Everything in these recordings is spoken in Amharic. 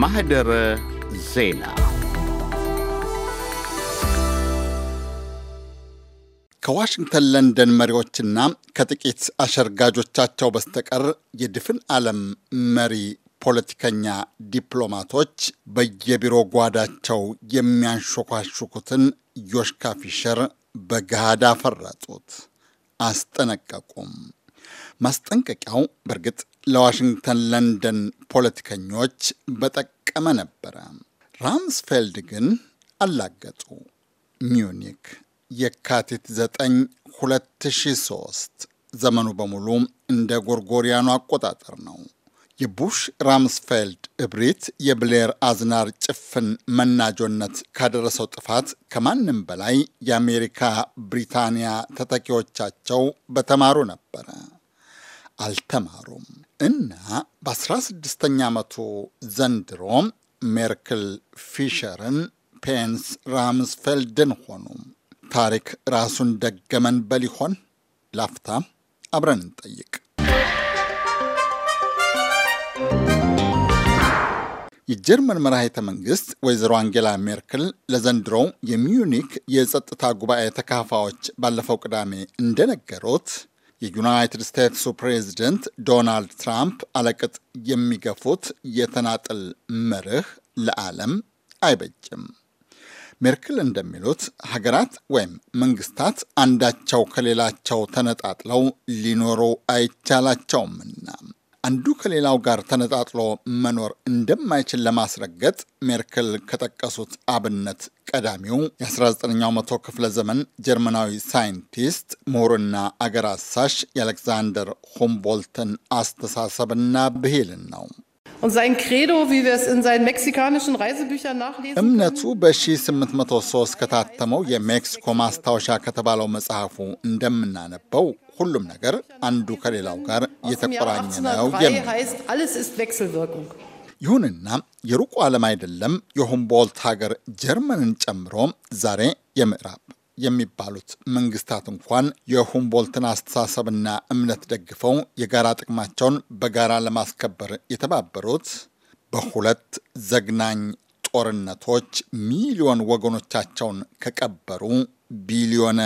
ማህደረ ዜና ከዋሽንግተን ለንደን መሪዎችና ከጥቂት አሸርጋጆቻቸው በስተቀር የድፍን ዓለም መሪ ፖለቲከኛ ዲፕሎማቶች በየቢሮ ጓዳቸው የሚያንሾኳሹኩትን ዮሽካ ፊሸር በገሃድ አፈረጡት፣ አስጠነቀቁም። ማስጠንቀቂያው በእርግጥ ለዋሽንግተን ለንደን ፖለቲከኞች በጠቅ የተጠመቀመ ነበረ። ራምስፌልድ ግን አላገጡ። ሚዩኒክ የካቲት 9 2003 ዘመኑ በሙሉ እንደ ጎርጎሪያኑ አቆጣጠር ነው። የቡሽ ራምስፌልድ እብሪት የብሌር አዝናር ጭፍን መናጆነት ካደረሰው ጥፋት ከማንም በላይ የአሜሪካ ብሪታንያ ተተኪዎቻቸው በተማሩ ነበረ። አልተማሩም እና በ16ኛ ዓመቱ ዘንድሮ ሜርክል ፊሸርን፣ ፔንስ ራምስፌልድን ሆኑ። ታሪክ ራሱን ደገመን በል ይሆን? ላፍታ አብረን እንጠይቅ። የጀርመን መራሄተ መንግስት ወይዘሮ አንጌላ ሜርክል ለዘንድሮው የሚዩኒክ የጸጥታ ጉባኤ ተካፋዎች ባለፈው ቅዳሜ እንደነገሩት የዩናይትድ ስቴትሱ ፕሬዚደንት ዶናልድ ትራምፕ አለቅጥ የሚገፉት የተናጥል መርህ ለዓለም አይበጅም። ሜርክል እንደሚሉት ሀገራት ወይም መንግስታት አንዳቸው ከሌላቸው ተነጣጥለው ሊኖሩ አይቻላቸውምና አንዱ ከሌላው ጋር ተነጣጥሎ መኖር እንደማይችል ለማስረገጥ ሜርክል ከጠቀሱት አብነት ቀዳሚው የ19ኛው መቶ ክፍለ ዘመን ጀርመናዊ ሳይንቲስት ምሁርና አገር አሳሽ የአሌክዛንደር ሁምቦልትን አስተሳሰብና ብሂልን ነው። እምነቱ በ1803 ከታተመው የሜክሲኮ ማስታወሻ ከተባለው መጽሐፉ እንደምናነበው ሁሉም ነገር አንዱ ከሌላው ጋር የተቆራኘ ነው የሚል ይሁንና የሩቁ ዓለም አይደለም የሁምቦልት ሀገር ጀርመንን ጨምሮ ዛሬ የምዕራብ የሚባሉት መንግስታት እንኳን የሁምቦልትን አስተሳሰብና እምነት ደግፈው የጋራ ጥቅማቸውን በጋራ ለማስከበር የተባበሩት በሁለት ዘግናኝ ጦርነቶች ሚሊዮን ወገኖቻቸውን ከቀበሩ ቢሊዮነ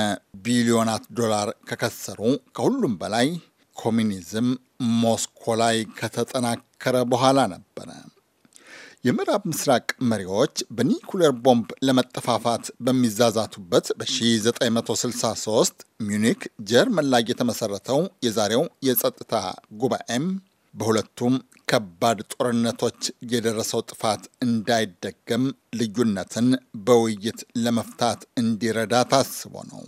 ቢሊዮናት ዶላር ከከሰሩ ከሁሉም በላይ ኮሚኒዝም ሞስኮ ላይ ከተጠናከረ በኋላ ነበረ። የምዕራብ ምስራቅ መሪዎች በኒኩሌር ቦምብ ለመጠፋፋት በሚዛዛቱበት በ1963 ሚኒክ ጀርመን ላይ የተመሰረተው የዛሬው የጸጥታ ጉባኤም በሁለቱም ከባድ ጦርነቶች የደረሰው ጥፋት እንዳይደገም ልዩነትን በውይይት ለመፍታት እንዲረዳ ታስቦ ነው።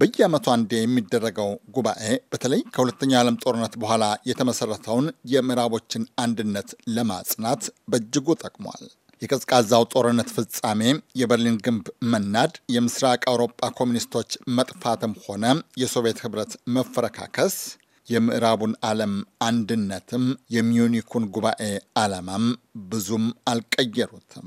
በየዓመቱ አንዴ የሚደረገው ጉባኤ በተለይ ከሁለተኛው ዓለም ጦርነት በኋላ የተመሰረተውን የምዕራቦችን አንድነት ለማጽናት በእጅጉ ጠቅሟል። የቀዝቃዛው ጦርነት ፍጻሜ፣ የበርሊን ግንብ መናድ፣ የምስራቅ አውሮፓ ኮሚኒስቶች መጥፋትም ሆነ የሶቪየት ህብረት መፈረካከስ የምዕራቡን ዓለም አንድነትም የሚዩኒኩን ጉባኤ ዓላማም ብዙም አልቀየሩትም።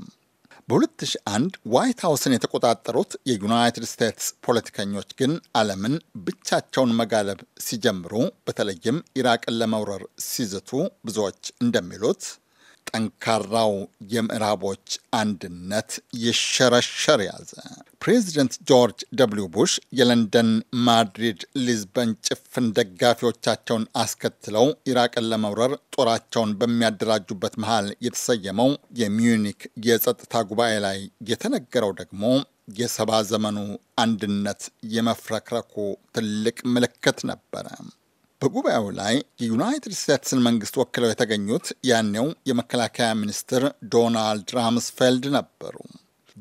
በ2001 ዋይት ሀውስን የተቆጣጠሩት የዩናይትድ ስቴትስ ፖለቲከኞች ግን ዓለምን ብቻቸውን መጋለብ ሲጀምሩ፣ በተለይም ኢራቅን ለመውረር ሲዝቱ ብዙዎች እንደሚሉት ጠንካራው የምዕራቦች አንድነት ይሸረሸር ያዘ። ፕሬዚደንት ጆርጅ ደብሊው ቡሽ የለንደን፣ ማድሪድ፣ ሊዝበን ጭፍን ደጋፊዎቻቸውን አስከትለው ኢራቅን ለመውረር ጦራቸውን በሚያደራጁበት መሃል የተሰየመው የሚዩኒክ የጸጥታ ጉባኤ ላይ የተነገረው ደግሞ የሰባ ዘመኑ አንድነት የመፍረክረኩ ትልቅ ምልክት ነበረ። በጉባኤው ላይ የዩናይትድ ስቴትስን መንግስት ወክለው የተገኙት ያኔው የመከላከያ ሚኒስትር ዶናልድ ራምስፌልድ ነበሩ።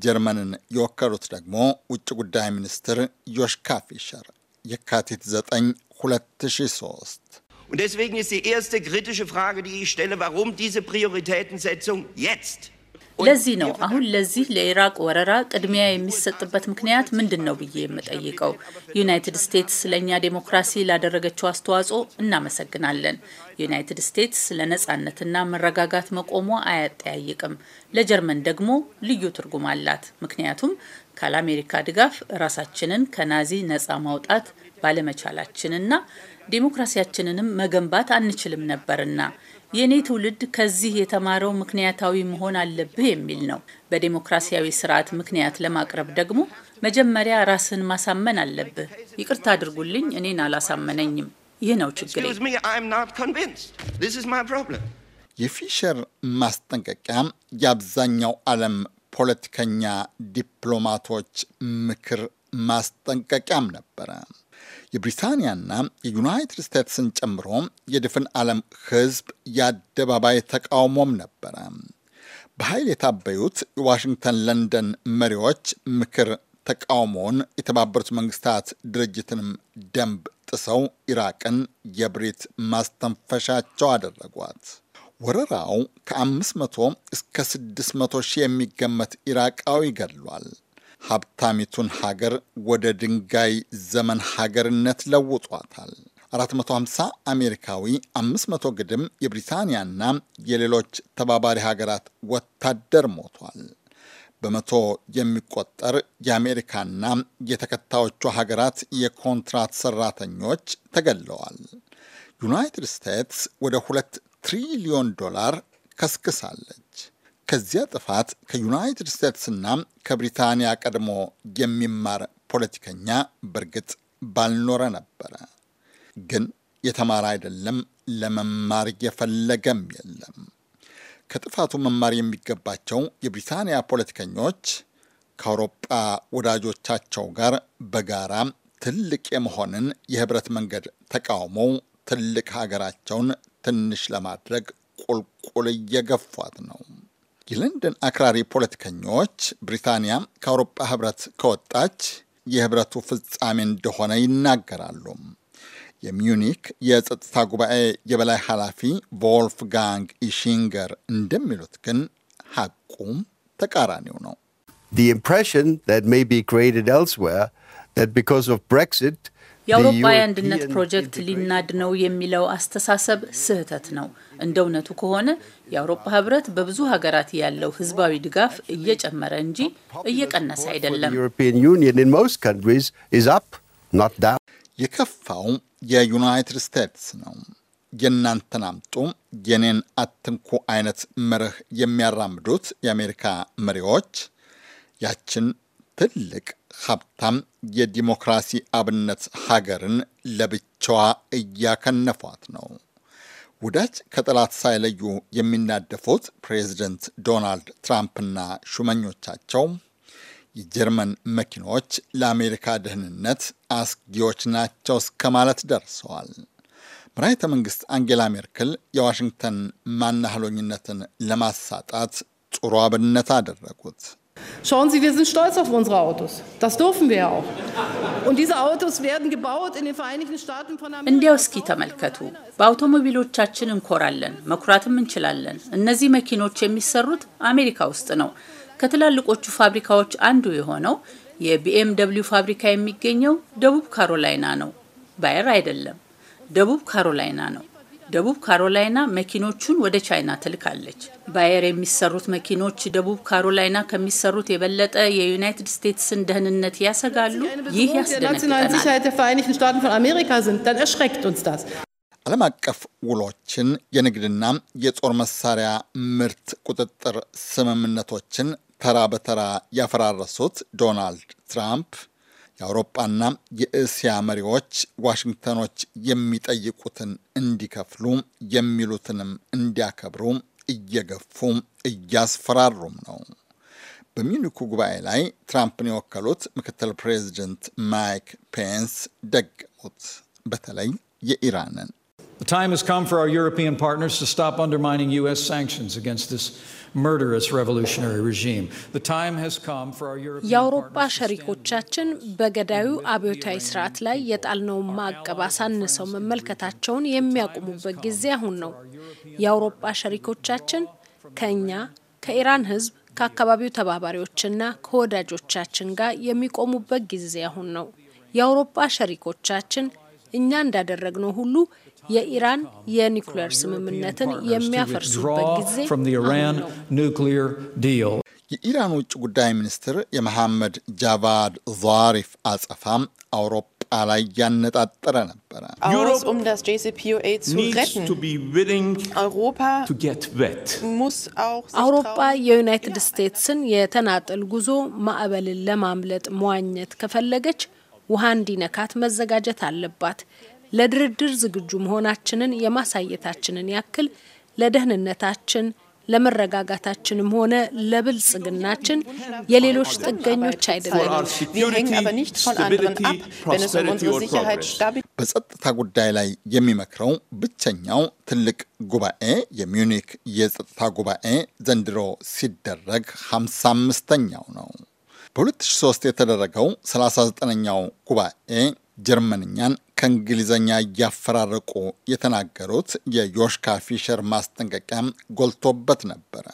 ጀርመንን የወከሉት ደግሞ ውጭ ጉዳይ ሚኒስትር ዮሽካ ፊሸር የካቲት 9 2003። Und deswegen ist die erste kritische Frage, die ich stelle, warum diese Prioritätensetzung jetzt? ለዚህ ነው አሁን ለዚህ ለኢራቅ ወረራ ቅድሚያ የሚሰጥበት ምክንያት ምንድን ነው ብዬ የምጠይቀው። ዩናይትድ ስቴትስ ለእኛ ዴሞክራሲ ላደረገችው አስተዋጽኦ እናመሰግናለን። ዩናይትድ ስቴትስ ለነጻነትና መረጋጋት መቆሟ አያጠያይቅም። ለጀርመን ደግሞ ልዩ ትርጉም አላት። ምክንያቱም ካለአሜሪካ ድጋፍ ራሳችንን ከናዚ ነጻ ማውጣት ባለመቻላችንና ዴሞክራሲያችንንም መገንባት አንችልም ነበርና የእኔ ትውልድ ከዚህ የተማረው ምክንያታዊ መሆን አለብህ የሚል ነው። በዴሞክራሲያዊ ስርዓት ምክንያት ለማቅረብ ደግሞ መጀመሪያ ራስን ማሳመን አለብህ። ይቅርታ አድርጉልኝ፣ እኔን አላሳመነኝም። ይህ ነው ችግሬ። የፊሸር ማስጠንቀቂያ የአብዛኛው ዓለም ፖለቲከኛ ዲፕሎማቶች ምክር ማስጠንቀቂያም ነበረ። የብሪታንያና የዩናይትድ ስቴትስን ጨምሮ የድፍን ዓለም ሕዝብ የአደባባይ ተቃውሞም ነበረ። በኃይል የታበዩት የዋሽንግተን ለንደን መሪዎች ምክር ተቃውሞውን የተባበሩት መንግስታት ድርጅትንም ደንብ ጥሰው ኢራቅን የብሪት ማስተንፈሻቸው አደረጓት። ወረራው ከ500 እስከ 600 ሺህ የሚገመት ኢራቃዊ ገድሏል። ሀብታሚቱን ሀገር ወደ ድንጋይ ዘመን ሀገርነት ለውጧታል። 450 አሜሪካዊ 500 ግድም የብሪታንያና የሌሎች ተባባሪ ሀገራት ወታደር ሞቷል። በመቶ የሚቆጠር የአሜሪካና የተከታዮቹ ሀገራት የኮንትራት ሰራተኞች ተገለዋል። ዩናይትድ ስቴትስ ወደ ሁለት ትሪሊዮን ዶላር ከስክሳለች። ከዚያ ጥፋት ከዩናይትድ ስቴትስና ከብሪታንያ ቀድሞ የሚማር ፖለቲከኛ በእርግጥ ባልኖረ ነበረ። ግን የተማረ አይደለም፣ ለመማር የፈለገም የለም። ከጥፋቱ መማር የሚገባቸው የብሪታንያ ፖለቲከኞች ከአውሮጳ ወዳጆቻቸው ጋር በጋራ ትልቅ የመሆንን የህብረት መንገድ ተቃውመው ትልቅ ሀገራቸውን ትንሽ ለማድረግ ቁልቁል እየገፏት ነው። የለንደን አክራሪ ፖለቲከኞች ብሪታንያ ከአውሮጳ ህብረት ከወጣች የህብረቱ ፍጻሜ እንደሆነ ይናገራሉ። የሚዩኒክ የጸጥታ ጉባኤ የበላይ ኃላፊ ቮልፍጋንግ ኢሽንገር እንደሚሉት ግን ሐቁም ተቃራኒው ነው። The impression that may be created elsewhere that because of Brexit የአውሮፓ የአንድነት ፕሮጀክት ሊናድ ነው የሚለው አስተሳሰብ ስህተት ነው። እንደ እውነቱ ከሆነ የአውሮፓ ህብረት በብዙ ሀገራት ያለው ህዝባዊ ድጋፍ እየጨመረ እንጂ እየቀነሰ አይደለም። የከፋው የዩናይትድ ስቴትስ ነው። የእናንተን አምጡ የኔን አትንኩ አይነት መርህ የሚያራምዱት የአሜሪካ መሪዎች ያችን ትልቅ ሀብታም የዲሞክራሲ አብነት ሀገርን ለብቻዋ እያከነፏት ነው። ወዳጅ ከጠላት ሳይለዩ የሚናደፉት ፕሬዚደንት ዶናልድ ትራምፕና ሹመኞቻቸው የጀርመን መኪኖች ለአሜሪካ ደህንነት አስጊዎች ናቸው እስከ ማለት ደርሰዋል። መራሒተ መንግስት አንጌላ ሜርክል የዋሽንግተን ማናህሎኝነትን ለማሳጣት ጥሩ አብነት አደረጉት። Schauen Sie, wir sind stolz auf unsere Autos. Das dürfen wir ja auch. Und diese Autos werden gebaut in den Vereinigten Staaten von Amerika. እንዲያው እስኪ ተመልከቱ። በአውቶሞቢሎቻችን እንኮራለን፣ መኩራትም እንችላለን። እነዚህ መኪኖች የሚሰሩት አሜሪካ ውስጥ ነው። ከትላልቆቹ ፋብሪካዎች አንዱ የሆነው የቢኤምደብሊው ፋብሪካ የሚገኘው ደቡብ ካሮላይና ነው። ባየር አይደለም፣ ደቡብ ካሮላይና ነው። ደቡብ ካሮላይና መኪኖቹን ወደ ቻይና ትልካለች። ባየር የሚሰሩት መኪኖች ደቡብ ካሮላይና ከሚሰሩት የበለጠ የዩናይትድ ስቴትስን ደህንነት ያሰጋሉ። ይህ ያስደነግጠናል። ዓለም አቀፍ ውሎችን፣ የንግድና የጦር መሳሪያ ምርት ቁጥጥር ስምምነቶችን ተራ በተራ ያፈራረሱት ዶናልድ ትራምፕ የአውሮጳና የእስያ መሪዎች ዋሽንግተኖች የሚጠይቁትን እንዲከፍሉ የሚሉትንም እንዲያከብሩ እየገፉ እያስፈራሩም ነው። በሚኒኩ ጉባኤ ላይ ትራምፕን የወከሉት ምክትል ፕሬዚደንት ማይክ ፔንስ ደገሙት፣ በተለይ የኢራንን The time has come for our European partners to stop undermining U.S. sanctions against this የአውሮፓ ሸሪኮቻችን በገዳዩ አብዮታዊ ስርዓት ላይ የጣልነውን ማዕቀብ አሳንሰው መመልከታቸውን የሚያቆሙበት ጊዜ አሁን ነው። የአውሮፓ ሸሪኮቻችን ከእኛ ከኢራን ህዝብ ከአካባቢው ተባባሪዎችና ከወዳጆቻችን ጋር የሚቆሙበት ጊዜ አሁን ነው። የአውሮፓ ሸሪኮቻችን እኛ እንዳደረግነው ሁሉ የኢራን የኒኩሌር ስምምነትን የሚያፈርሱበት ጊዜ የኢራን ውጭ ጉዳይ ሚኒስትር የመሐመድ ጃቫድ ዛሪፍ አጸፋም አውሮፓ ላይ ያነጣጠረ ነበረ። um አውሮፓ የዩናይትድ ስቴትስን የተናጠል ጉዞ ማዕበልን ለማምለጥ መዋኘት ከፈለገች ውሃ እንዲነካት መዘጋጀት አለባት። ለድርድር ዝግጁ መሆናችንን የማሳየታችንን ያክል ለደህንነታችን ለመረጋጋታችንም ሆነ ለብልጽግናችን የሌሎች ጥገኞች አይደለም። በጸጥታ ጉዳይ ላይ የሚመክረው ብቸኛው ትልቅ ጉባኤ የሚኒክ የጸጥታ ጉባኤ ዘንድሮ ሲደረግ 55ኛው ነው። በ2003 የተደረገው 39ኛው ጉባኤ ጀርመንኛን ከእንግሊዝኛ እያፈራረቁ የተናገሩት የዮሽካ ፊሸር ማስጠንቀቂያ ጎልቶበት ነበረ።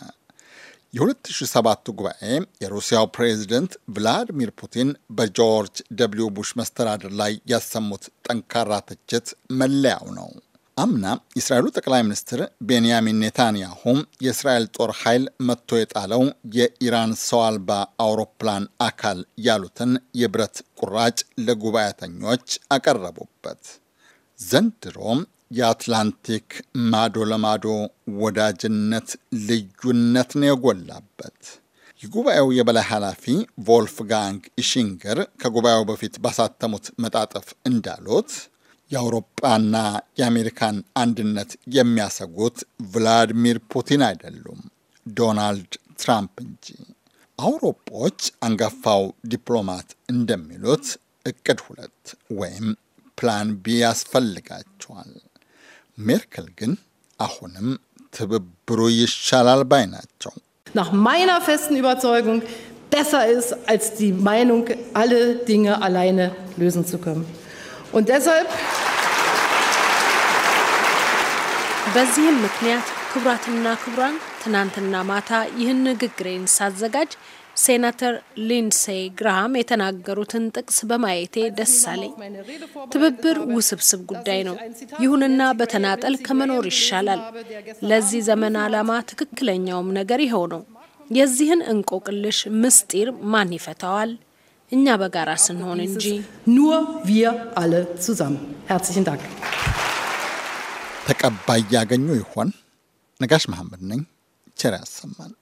የ2007 ጉባኤ የሩሲያው ፕሬዚደንት ቭላዲሚር ፑቲን በጆርጅ ደብሊው ቡሽ መስተዳድር ላይ ያሰሙት ጠንካራ ትችት መለያው ነው። አምና የእስራኤሉ ጠቅላይ ሚኒስትር ቤንያሚን ኔታንያሁም የእስራኤል ጦር ኃይል መጥቶ የጣለው የኢራን ሰው አልባ አውሮፕላን አካል ያሉትን የብረት ቁራጭ ለጉባኤተኞች አቀረቡበት። ዘንድሮም የአትላንቲክ ማዶ ለማዶ ወዳጅነት ልዩነት ነው የጎላበት። የጉባኤው የበላይ ኃላፊ ቮልፍጋንግ ኢሽንገር ከጉባኤው በፊት ባሳተሙት መጣጠፍ እንዳሉት የአውሮጳና የአሜሪካን አንድነት የሚያሰጉት ቭላዲሚር ፑቲን አይደሉም፣ ዶናልድ ትራምፕ እንጂ። አውሮጶች አንጋፋው ዲፕሎማት እንደሚሉት እቅድ ሁለት ወይም ፕላን ቢ ያስፈልጋቸዋል። ሜርክል ግን አሁንም ትብብሩ ይሻላል ባይ ናቸው። Nach meiner festen Überzeugung besser ist, als die Meinung, alle Dinge alleine lösen zu können. Und deshalb. በዚህም ምክንያት ክቡራትና ክቡራን ትናንትና ማታ ይህን ንግግሬን ሳዘጋጅ ሴናተር ሊንሴይ ግራሃም የተናገሩትን ጥቅስ በማየቴ ደስ አለኝ። ትብብር ውስብስብ ጉዳይ ነው። ይሁንና በተናጠል ከመኖር ይሻላል። ለዚህ ዘመን ዓላማ ትክክለኛውም ነገር ይኸው ነው። የዚህን እንቆቅልሽ ምስጢር ማን ይፈታዋል? እኛ በጋራ ስንሆን እንጂ nur wir alle zusammen. Herzlichen Dank. ተቀባይ ያገኙ ይሆን? ነጋሽ መሐመድ ነኝ። ቸር ያሰማን።